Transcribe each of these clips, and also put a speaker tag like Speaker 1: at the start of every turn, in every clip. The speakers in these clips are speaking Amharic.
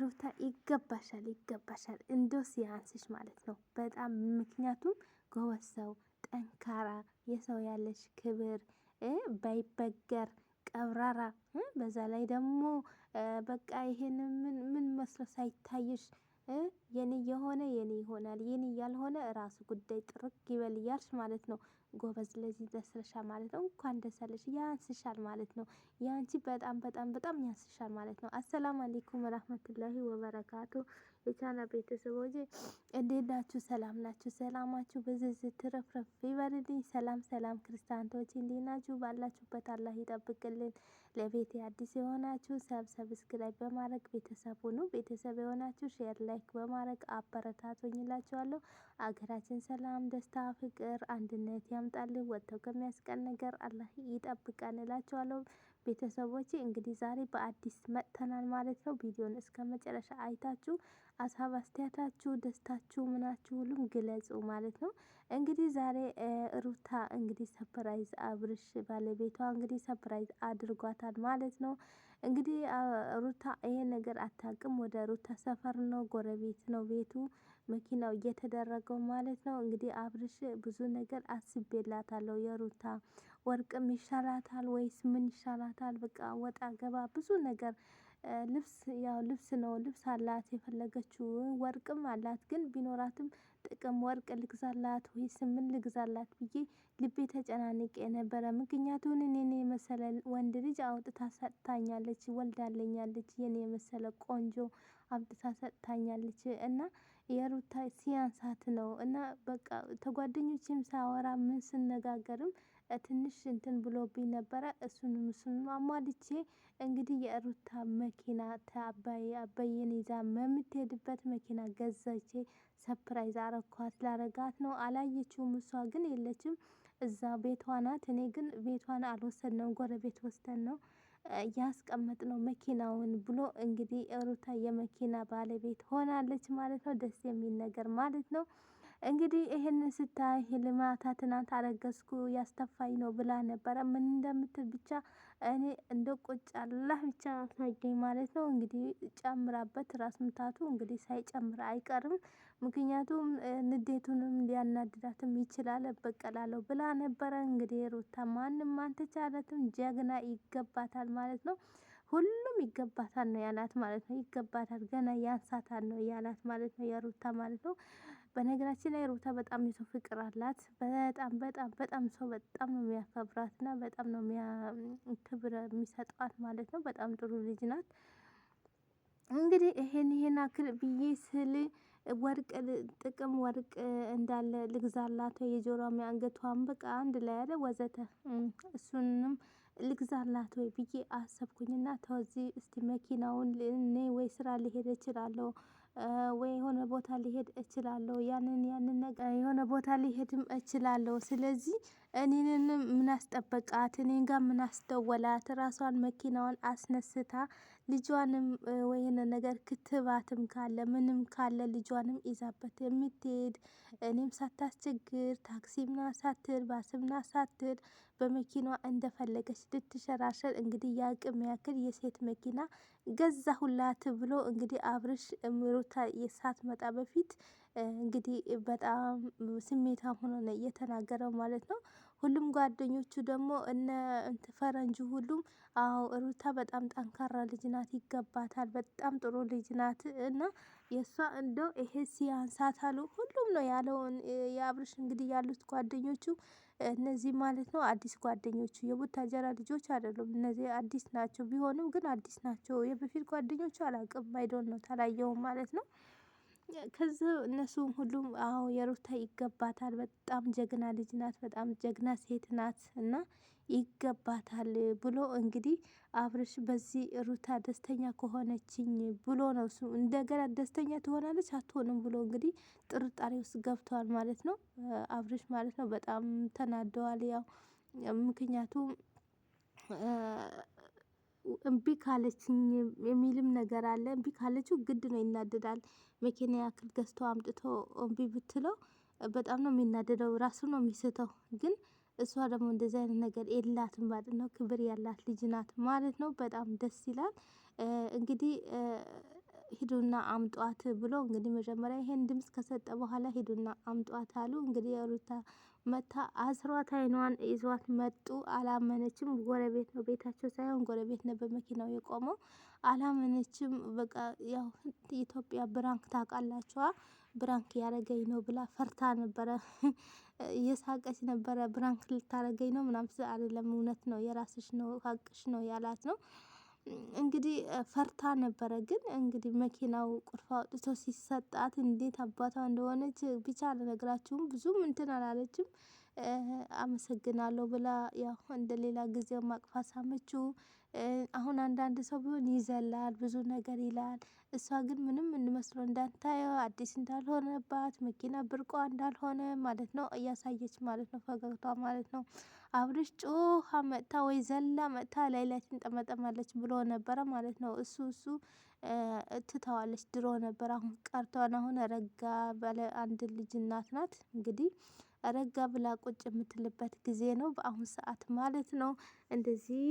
Speaker 1: ሩታ ይገባሻል፣ ይገባሻል እንዶ ሲያንስሽ ማለት ነው በጣም ምክንያቱም ጎበዝ ሰው፣ ጠንካራ የሰው ያለሽ ክብር ባይበገር ቀብራራ፣ በዛ ላይ ደግሞ በቃ ይሄን ምን መስሎ ሳይታይሽ የኔ የሆነ የኔ ይሆናል የኔ ያልሆነ ራሱ ጉዳይ ጥርቅ ይበል እያልሽ ማለት ነው። ጎበዝ፣ ለዚህ ደርሰሻል ማለት ነው። እንኳን ደስ ያለሽ። ያንስሻል ማለት ነው። ያንቺ በጣም በጣም በጣም ያንስሻል ማለት ነው። አሰላሙ አሌይኩም ወራህመቱላሂ ወበረካቱ የቻና ቤተሰቦች እንዴት ናችሁ? ሰላም ናችሁ? ሰላማችሁ በዝዝ ትረፍረፍ ይበልልኝ። ሰላም ሰላም፣ ክርስቲያንቶች እንዴት ናችሁ? ባላችሁበት አላህ ይጠብቅልን። ለቤት አዲስ የሆናችሁ ሰብ ሰብስክራይብ በማድረግ ቤተሰብ ሁኑ። ቤተሰብ የሆናችሁ ሼር፣ ላይክ በማድረግ አበረታቶኝላችኋለሁ። አገራችን ሰላም፣ ደስታ፣ ፍቅር፣ አንድነት ያምጣልን። ወጥተው ከሚያስቀን ነገር አላህ ይጠብቀን እላቸዋለሁ። ቤተሰቦች እንግዲህ ዛሬ በአዲስ መጥተናል ማለት ነው። ቪዲዮን እስከ መጨረሻ አይታችሁ አሳብ አስተያየታችሁ፣ ደስታችሁ፣ ምናችሁ ሁሉም ግለጹ ማለት ነው። እንግዲህ ዛሬ ሩታ እንግዲህ ሰፕራይዝ አብርሽ ባለቤቷ እንግዲህ ሰፕራይዝ አድርጓታል ማለት ነው። እንግዲህ ሩታ ይሄን ነገር አታውቅም። ወደ ሩታ ሰፈር ነው፣ ጎረቤት ነው ቤቱ መኪናው እየተደረገው ማለት ነው። እንግዲህ አብርሽ ብዙ ነገር አስቤላታለሁ። የሩታ ወርቅም ይሻላታል ወይስ ምን ይሻላታል? በቃ ወጣ ገባ ብዙ ነገር ልብስ ያው ልብስ ነው። ልብስ አላት የፈለገችው ወርቅም አላት። ግን ቢኖራትም ጥቅም ወርቅ ልግዛላት ወይስ ምን ልግዛላት ብዬ ልቤ ተጨናንቄ ነበረ። ምክንያቱን እኔን የመሰለ ወንድ ልጅ አውጥታ ሰጥታኛለች፣ ወልዳለኛለች። የኔ የመሰለ ቆንጆ አውጥታ ሰጥታኛለች እና የሩታ ሲያንሳት ነው እና በቃ ተጓደኞችም ሳወራ ምን ስነጋገርም ትንሽ እንትን ብሎብኝ ነበረ። እሱንም እሱንም አሟልቼ እንግዲህ የሩታ መኪና ታባይ አበየን ይዛ በምትሄድበት መኪና ገዛቼ ሰፕራይዝ አረኳት። ላረጋት ነው አላየችውም። እሷ ግን የለችም እዛ ቤቷ ናት። እኔ ግን ቤቷን አልወሰድ ነው ጎረቤት ወስደን ነው ነው መኪናውን ብሎ እንግዲህ ሩታ የመኪና ባለቤት ሆናለች ማለት ነው። ደስ የሚል ነገር ማለት ነው። እንግዲህ ይህን ስታይ ልማታ ትናንት አረገዝኩ ያስተፋኝ ነው ብላ ነበረ። ምን እንደምትል ብቻ እኔ እንደ ቆጫላ ብቻ ታገኝ ማለት ነው። እንግዲህ ጨምራበት ራስ ምታቱ እንግዲህ ሳይጨምር አይቀርም። ምክንያቱም ንዴቱንም ሊያናድዳትም ይችላል። እበቀላለሁ ብላ ነበረ። እንግዲህ ሩታ ማንም አልተቻለትም። ጀግና ይገባታል ማለት ነው። ሁሉም ይገባታል ነው ያላት ማለት ነው። ይገባታል ገና ያንሳታል ነው ያላት ማለት ነው። የሩታ ማለት ነው። በነገራችን ላይ ሩታ በጣም የሰው ፍቅር አላት። በጣም በጣም በጣም ሰው በጣም ነው የሚያከብራት እና በጣም ነው ክብር የሚሰጧት ማለት ነው። በጣም ጥሩ ልጅ ናት። እንግዲህ ይሄን ይሄን አክል ብዬ ስል ወርቅ ጥቅም ወርቅ እንዳለ ልግዛላት፣ የጆሮ የአንገቷን በቃ አንድ ላይ ያለ ወዘተ እሱንም ልግዛላት ወይ ብዬ አሰብኩኝና ተወዚ እስቲ መኪናውን እኔ ወይ ስራ ሊሄድ እችላለሁ ወይ የሆነ ቦታ ሊሄድ እችላለሁ፣ ያንን ያንን ነገር የሆነ ቦታ ሊሄድም እችላለሁ። ስለዚህ እኔንን ምናስጠበቃት፣ እኔን ጋር ምናስደወላት፣ ራሷን መኪናዋን አስነስታ ልጇንም ወይን ነገር ክትባትም ካለ ምንም ካለ ልጇንም ይዛበት የምትሄድ እኔም ሳታስቸግር ታክሲምና ሳትል ባስምና ሳትል በመኪኗ እንደፈለገች ልትሸራሸር እንግዲህ የአቅም ያክል የሴት መኪና ገዛ ሁላት ብሎ እንግዲህ አብርሽ የሳት መጣ በፊት እንግዲህ በጣም ስሜታ ሆኖ ነው እየተናገረው ማለት ነው። ሁሉም ጓደኞቹ ደግሞ እነ ፈረንጁ ሁሉም አዎ ሩታ በጣም ጠንካራ ልጅ ናት፣ ይገባታል፣ በጣም ጥሩ ልጅ ናት እና የእሷ እንደው ይሄ ሲያንሳት ሲያንሳታሉ ሁሉም ነው ያለውን የአብርሽ እንግዲህ ያሉት ጓደኞቹ እነዚህ ማለት ነው አዲስ ጓደኞቹ የቡታጀራ ልጆች አይደሉም። እነዚህ አዲስ ናቸው። ቢሆንም ግን አዲስ ናቸው። የበፊት ጓደኞቹ አላቅም፣ አይዶን ነው ተላየውም ማለት ነው። ከዚህ እነሱም ሁሉም አዎ የሩታ ይገባታል፣ በጣም ጀግና ልጅ ናት፣ በጣም ጀግና ሴት ናት እና ይገባታል ብሎ እንግዲህ አብርሽ በዚህ ሩታ ደስተኛ ከሆነችኝ ብሎ ነው እሱ እንደገና ደስተኛ ትሆናለች አትሆንም ብሎ እንግዲህ ጥርጣሬ ውስጥ ገብተዋል ማለት ነው አብርሽ ማለት ነው። በጣም ተናደዋል። ያው ምክንያቱም እምቢ ካለችኝ የሚልም ነገር አለ። እምቢ ካለችው ግድ ነው ይናደዳል። መኪና ያክል ገዝቶ አምጥቶ እምቢ ብትለው በጣም ነው የሚናደደው፣ ራሱ ነው የሚስተው። ግን እሷ ደግሞ እንደዚህ አይነት ነገር የላትም ማለት ነው። ክብር ያላት ልጅ ናት ማለት ነው። በጣም ደስ ይላል። እንግዲህ ሂዱና አምጧት ብሎ እንግዲህ መጀመሪያ ይሄን ድምፅ ከሰጠ በኋላ ሂዱና አምጧት አሉ። እንግዲህ የሩታ መታ አስሯት አይኗን ይዟት መጡ። አላመነችም። ጎረቤት ነው ቤታቸው ሳይሆን ጎረቤት ነው በመኪናው የቆመው። አላመነችም። በቃ ያው ኢትዮጵያ ብራንክ ታውቃላችኋ፣ ብራንክ ያረገኝ ነው ብላ ፈርታ ነበረ። እየሳቀች ነበረ። ብራንክ ልታረገኝ ነው ምናምን አይደለም፣ እውነት ነው፣ የራስሽ ነው፣ ሀቅሽ ነው ያላት ነው። እንግዲህ ፈርታ ነበረ። ግን እንግዲህ መኪናው ቁልፍ አውጥቶ ሲሰጣት እንዴት አባቷ እንደሆነች ብቻ አልነግራችሁም። ብዙም እንትን አላለችም። አመሰግናለሁ ብላ ያው እንደ ሌላ ጊዜው ማቅፋት ሳመችው። አሁን አንዳንድ ሰው ቢሆን ይዘላል፣ ብዙ ነገር ይላል። እሷ ግን ምንም እንመስለው እንዳንታየው አዲስ እንዳልሆነባት መኪና ብርቋ እንዳልሆነ ማለት ነው እያሳየች ማለት ነው ፈገግቷ ማለት ነው። አብርሽ ጮኻ መጥታ ወይ ዘላ መጥታ ላይ ጠመጠማለች ትንጠመጠማለች ብሎ ነበረ ማለት ነው። እሱ እሱ ትተዋለች ድሮ ነበር፣ አሁን ቀርቷን። አሁን ረጋ ባለ አንድ ልጅ እናት ናት እንግዲህ ረጋ ብላ ቁጭ የምትልበት ጊዜ ነው በአሁን ሰዓት ማለት ነው። እንደዚህ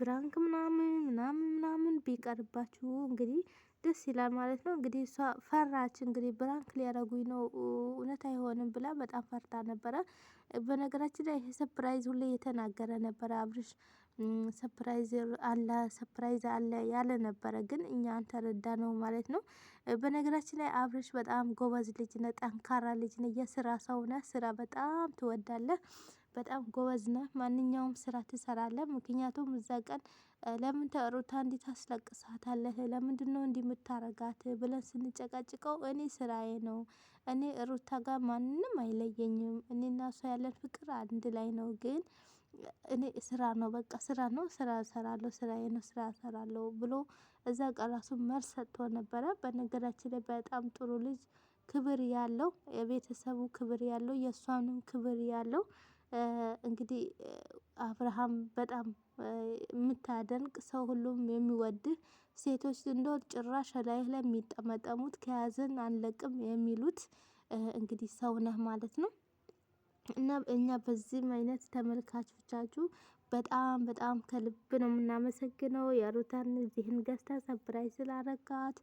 Speaker 1: ብራንክ ምናምን ምናምን ምናምን ቢቀርባችሁ እንግዲህ ደስ ይላል ማለት ነው። እንግዲህ እሷ ፈራች እንግዲህ ብራንክ ሊያረጉኝ ነው እውነት አይሆንም ብላ በጣም ፈርታ ነበረ። በነገራችን ላይ ይሄ ሰርፕራይዝ ሁሌ እየተናገረ ነበረ አብርሽ ሰፕራይዝ አለ ሰፕራይዝ አለ ያለ ነበረ፣ ግን እኛ አልተረዳ ነው ማለት ነው። በነገራችን ላይ አብርሽ በጣም ጎበዝ ልጅ ነ ጠንካራ ልጅ ነ፣ የስራ ሰው ነ፣ ስራ በጣም ትወዳለህ፣ በጣም ጎበዝ ነ፣ ማንኛውም ስራ ትሰራለ ምክንያቱም እዛ ቀን ለምን ተሩታ እንዲህ ታስለቅሳታለህ? ለምንድን ነው እንዲ ምታረጋት ብለን ስንጨቃጭቀው እኔ ስራዬ ነው፣ እኔ ሩታ ጋር ማንም አይለየኝም፣ እኔና እሷ ያለን ፍቅር አንድ ላይ ነው ግን እኔ ስራ ነው በቃ ስራ ነው ስራ እሰራለሁ ስራዬ ነው ስራ እሰራለሁ ብሎ እዛ ቃላሱ መልስ ሰጥቶ ነበረ። በነገራችን ላይ በጣም ጥሩ ልጅ ክብር ያለው የቤተሰቡ ክብር ያለው የእሷንም ክብር ያለው እንግዲህ አብርሃም በጣም የምታደንቅ ሰው ሁሉም የሚወድህ ሴቶች እንደ ጭራሽ ላይ ላይ የሚጠመጠሙት ከያዘን አንለቅም የሚሉት እንግዲህ ሰው ነህ ማለት ነው። እና እኛ በዚህም አይነት ተመልካቾቻችሁ በጣም በጣም ከልብ ነው የምናመሰግነው። የሩታን እዚህን ገዝታ ሰፕራይዝ ስላረጋት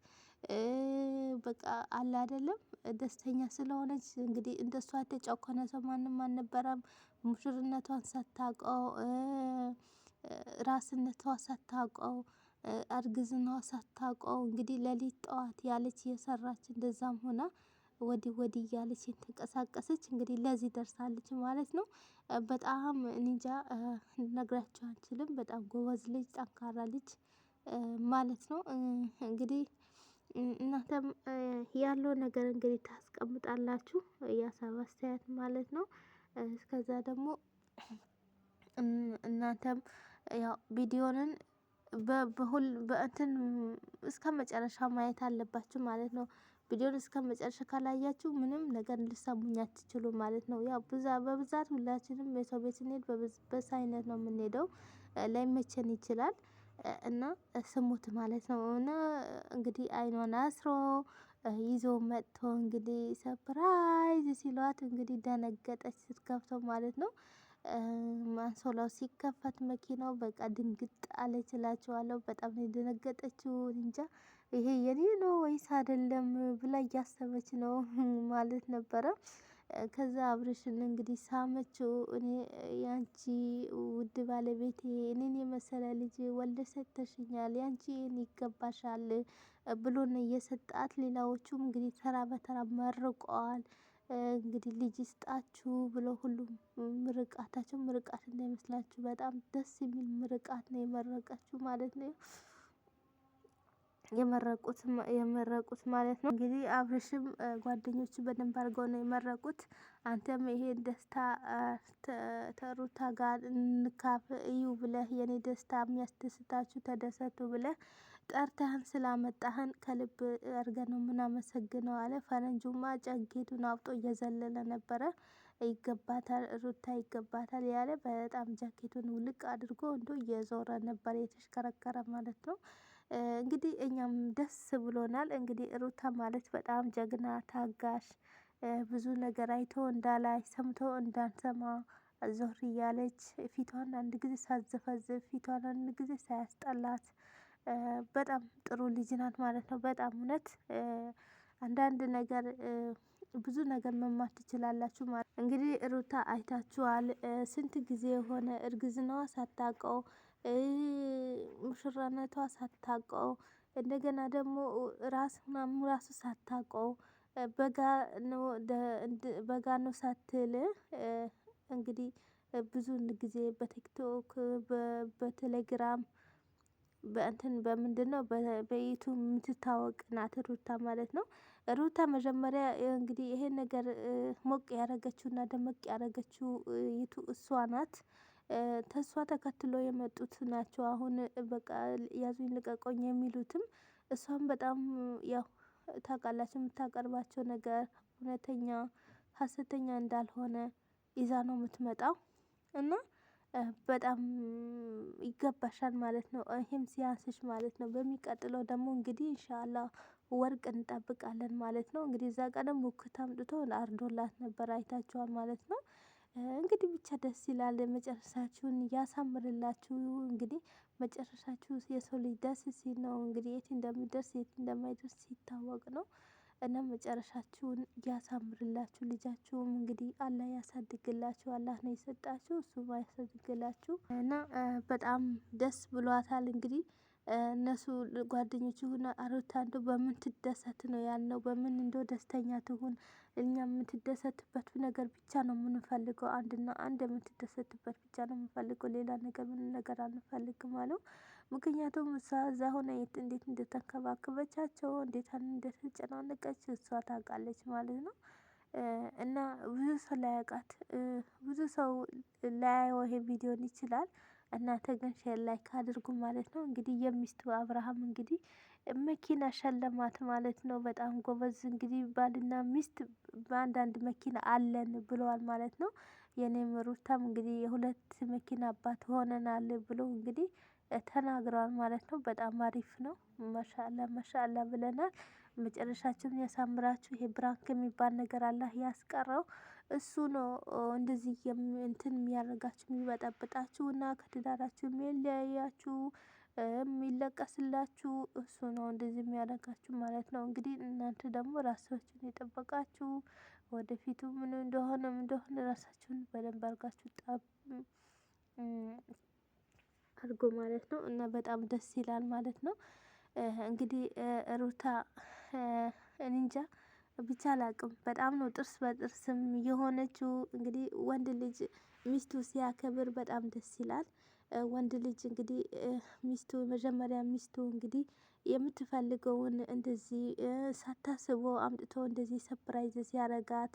Speaker 1: በቃ አለ አይደለም ደስተኛ ስለሆነች እንግዲህ እንደሷ የተጨኮነ ሰው ማንም አልነበረም። ሙሽርነቷን ሳታውቀው ራስነቷ ሳታውቀው እርግዝናዋ ሳታውቀው እንግዲህ ሌሊት ጠዋት ያለች እየሰራች እንደዛም ሆና ወዲህ ወዲህ እያለች የተንቀሳቀሰች እንግዲህ ለዚህ ደርሳለች ማለት ነው። በጣም እንጃ ነግራችሁ አንችልም። በጣም ጎበዝ ልጅ፣ ጠንካራ ልጅ ማለት ነው። እንግዲህ እናንተም ያለው ነገር እንግዲህ ታስቀምጣላችሁ የሀሳብ አስተያየት ማለት ነው። እስከዛ ደግሞ እናንተም ያው ቪዲዮንን በሁል በእንትን እስከ መጨረሻ ማየት አለባችሁ ማለት ነው። ቪዲዮን እስከ መጨረሻ ካላያችሁ ምንም ነገር ልሰሙኝ አትችሉ ማለት ነው። ያው ብዛ በብዛት ሁላችንም የሰው ቤት ስንሄድ በዛ አይነት ነው የምንሄደው። ላይመቸን ይችላል እና ስሙት ማለት ነው። እና እንግዲህ አይኗን አስሮ ይዞ መጥቶ እንግዲህ ሰፕራይዝ ሲሏት እንግዲህ ደነገጠች ስትከፍተው ማለት ነው። አንሶላው ሲከፈት መኪናው በቃ ድንግጥ አለች እላችኋለሁ። በጣም ነው የደነገጠችው እንጃ ይሄ የኔ ነው ወይስ አይደለም ብላ እያሰበች ነው ማለት ነበረ። ከዛ አብርሽን እንግዲህ ሳመችው። እኔ ያንቺ ውድ ባለቤቴ እኔን የመሰለ ልጅ ወልደሽ ሰጥተሽኛል፣ ያንቺ ይገባሻል ብሎን እየሰጣት ሌላዎቹም እንግዲህ ተራ በተራ መርቀዋል። እንግዲህ ልጅ ስጣችሁ ብሎ ሁሉም ምርቃታቸው ምርቃት እንዳይመስላችሁ በጣም ደስ የሚል ምርቃት ነው የመረቀችው ማለት ነው። የመረቁት የመረቁት ማለት ነው። እንግዲህ አብርሽም ጓደኞቹ በደንብ አድርገው ነው የመረቁት። አንተም ይሄን ደስታ ተሩታ ጋር እንካፍ እዩ ብለህ የኔ ደስታ የሚያስደስታችሁ ተደሰቱ ብለህ ጠርተህን ስላመጣህን ከልብ አድርገን ነው የምናመሰግነው አለ። ፈረንጁማ ጨጌቱን አውጦ እየዘለለ ነበረ። ይገባታል ሩታ ይገባታል ያለ በጣም ጃኬቱን ውልቅ አድርጎ እንዶ እየዞረ ነበር የተሽከረከረ ማለት ነው። እንግዲህ እኛም ደስ ብሎናል። እንግዲህ ሩታ ማለት በጣም ጀግና ታጋሽ፣ ብዙ ነገር አይቶ እንዳላይ ሰምቶ እንዳንሰማ ዞር እያለች ፊቷን አንድ ጊዜ ሳዘፈዝፍ ፊቷን አንድ ጊዜ ሳያስጠላት በጣም ጥሩ ልጅ ናት ማለት ነው። በጣም እውነት አንዳንድ ነገር ብዙ ነገር መማር ትችላላችሁ ማለት እንግዲህ ሩታ አይታችኋል። ስንት ጊዜ የሆነ እርግዝናዋ ሳታውቀው ሙሽራነቷ ሳታቀው እንደገና ደግሞ ራስ ምናምን ራሱ ሳታቀው በጋ ነው ሳትል እንግዲህ ብዙ ጊዜ በቲክቶክ በቴሌግራም በእንትን በምንድን ነው በቤቱ የምትታወቅ ናት ሩታ ማለት ነው። ሩታ መጀመሪያ እንግዲህ ይሄን ነገር ሞቅ ያደረገችው እና ደመቅ ያደረገችው ይቱ እሷ ናት። ተስፋ ተከትሎ የመጡት ናቸው። አሁን በቃ ያዙኝ ልቀቆኝ የሚሉትም እሷም በጣም ያው ታውቃላችሁ የምታቀርባቸው ነገር እውነተኛ ሀሰተኛ እንዳልሆነ ይዛ ነው የምትመጣው እና በጣም ይገባሻል ማለት ነው። ይህም ሲያንስሽ ማለት ነው። በሚቀጥለው ደግሞ እንግዲህ እንሻላ ወርቅ እንጠብቃለን ማለት ነው። እንግዲህ እዛ ቀደም ሙክት አምጥቶ አርዶላት ነበር አይታችኋል ማለት ነው። እንግዲህ ብቻ ደስ ይላል መጨረሻችሁን እያሳምርላችሁ እንግዲህ መጨረሻችሁ የሰው ልጅ ደስ ሲል ነው እንግዲህ የት እንደሚደርስ የት እንደማይደርስ ሲታወቅ ነው። እና መጨረሻችሁን እያሳምርላችሁ ልጃችሁም እንግዲህ አላህ ያሳድግላችሁ አላህ ነው የሰጣችሁ እሱም ያሳድግላችሁ። እና በጣም ደስ ብሏታል እንግዲህ እነሱ ጓደኞቹ ሁና አሮታ እንደው በምን ትደሰት ነው ያልነው በምን እንደው ደስተኛ ትሁን እኛ የምትደሰትበት ነገር ብቻ ነው የምንፈልገው። አንድና አንድ የምትደሰትበት ብቻ ነው የምንፈልገው ሌላ ነገር ምንም ነገር አንፈልግም አለው። ምክንያቱም እሷ እዛ የት እንዴት እንደተንከባከበቻቸው እንዴት እንደተጨናነቀች እሷ ታውቃለች ማለት ነው። እና ብዙ ሰው ላያውቃት ብዙ ሰው ላያየው ይሄ ቪዲዮን ይችላል እናንተ ግን ሼር ላይክ አድርጉ ማለት ነው። እንግዲህ የሚስቱ አብርሃም እንግዲህ መኪና ሸለማት ማለት ነው። በጣም ጎበዝ እንግዲህ ባልና ሚስት በአንዳንድ መኪና አለን ብለዋል ማለት ነው። የኔም ሩታም እንግዲህ የሁለት መኪና አባት ሆነናል ብሎ እንግዲህ ተናግረዋል ማለት ነው። በጣም አሪፍ ነው። መሻላ መሻላ ብለናል። መጨረሻችን ያሳምራችሁ። ይሄ ብራንክ የሚባል ነገር አላህ ያስቀረው። እሱ ነው እንደዚህ እንትን የሚያደርጋችሁ የሚበጠብጣችሁ እና ከትዳራችሁ የሚለያያችሁ የሚለቀስላችሁ እሱ ነው እንደዚህ የሚያደርጋችሁ ማለት ነው። እንግዲህ እናንተ ደግሞ ራሳችሁን የጠበቃችሁ ወደፊቱ ምን እንደሆነ ምን እንደሆነ ራሳችሁን በደንብ አርጋችሁ አድርጎ ማለት ነው እና በጣም ደስ ይላል ማለት ነው። እንግዲህ ሩታ እኔ እንጃ ብቻ አላቅም። በጣም ነው ጥርስ በጥርስም የሆነችው። እንግዲህ ወንድ ልጅ ሚስቱ ሲያከብር በጣም ደስ ይላል። ወንድ ልጅ እንግዲህ ሚስቱ መጀመሪያ ሚስቱ እንግዲህ የምትፈልገውን እንደዚህ ሳታስበው አምጥቶ እንደዚህ ሰፕራይዝ ሲያረጋት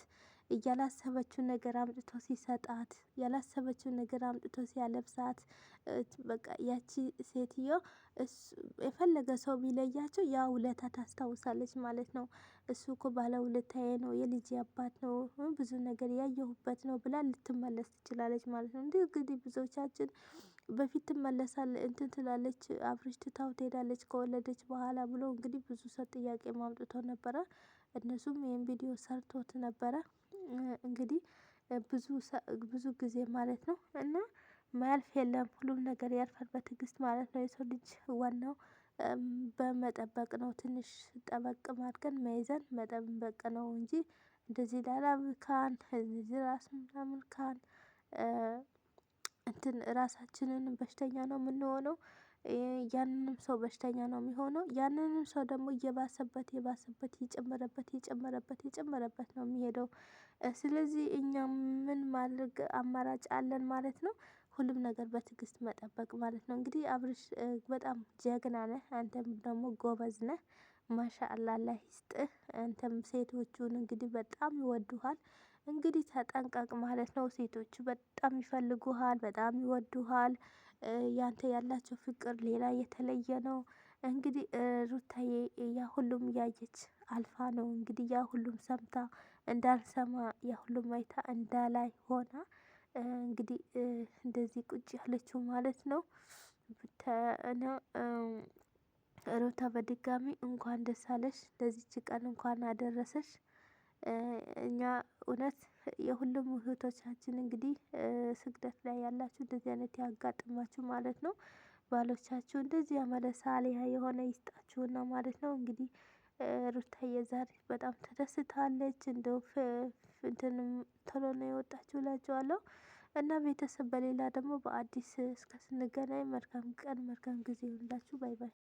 Speaker 1: ያላሰበችውን ነገር አምጥቶ ሲሰጣት፣ ያላሰበችውን ነገር አምጥቶ ሲያለብሳት፣ በቃ ያቺ ሴትዮ የፈለገ ሰው ቢለያቸው ያ ውለታ ታስታውሳለች ማለት ነው። እሱ እኮ ባለ ውለታዬ ነው፣ የልጅ አባት ነው፣ ብዙ ነገር ያየሁበት ነው ብላ ልትመለስ ትችላለች ማለት ነው። እንዲህ እንግዲህ ብዙዎቻችን በፊት ትመለሳለ እንትን ትላለች አብረሽ ትታው ትሄዳለች ከወለደች በኋላ ብሎ እንግዲህ ብዙ ሰው ጥያቄ ማምጥቶ ነበረ። እነሱም ይህን ቪዲዮ ሰርቶት ነበረ። እንግዲህ ብዙ ብዙ ጊዜ ማለት ነው እና ማያልፍ የለም ሁሉም ነገር ያልፋል በትዕግስት ማለት ነው። የሰው ልጅ ዋናው በመጠበቅ ነው ትንሽ ጠበቅ አድርገን መይዘን መጠበቅ ነው እንጂ እንደዚህ ላላብካን እንደዚህ ራስን ምናምን ካን እንትን ራሳችንን በሽተኛ ነው የምንሆነው። ያንንም ሰው በሽተኛ ነው የሚሆነው ያንንም ሰው ደግሞ እየባሰበት የባሰበት የጨመረበት የጨመረበት የጨመረበት ነው የሚሄደው ስለዚህ እኛ ምን ማድረግ አማራጭ አለን ማለት ነው? ሁሉም ነገር በትዕግስት መጠበቅ ማለት ነው። እንግዲህ አብርሽ በጣም ጀግና ነህ አንተም ደግሞ ጎበዝ ነህ። ማሻአላ አላህ ይስጥህ አንተም ሴቶቹን እንግዲህ በጣም ይወዱሃል። እንግዲህ ተጠንቀቅ ማለት ነው። ሴቶቹ በጣም ይፈልጉሃል በጣም ይወዱሃል። ያንተ ያላቸው ፍቅር ሌላ የተለየ ነው። እንግዲህ ሩታዬ ያ ሁሉም ያየች አልፋ ነው እንግዲህ ያ ሁሉም ሰምታ እንዳልሰማ የሁሉም አይታ እንዳላይ ሆና እንግዲህ እንደዚህ ቁጭ ያለችው ማለት ነው። ሩታ በድጋሚ እንኳን ደስ አለሽ፣ ለዚች ቀን እንኳን አደረሰሽ። እኛ እውነት የሁሉም እህቶቻችን እንግዲህ ስግደት ላይ ያላችሁ እንደዚህ አይነት ያጋጥማችሁ ማለት ነው። ባሎቻችሁ እንደዚህ ያማረ ሳሊያ የሆነ ይስጣችሁና ማለት ነው እንግዲህ ሩታዬ ዛሬ በጣም ተደስታለች። እንደው እንትን ቶሎ ነው የወጣችሁ እላችኋለሁ። እና ቤተሰብ በሌላ ደግሞ በአዲስ እስከ ስንገናኝ መልካም ቀን መልካም ጊዜ ይሁንላችሁ። ባይ ባይ።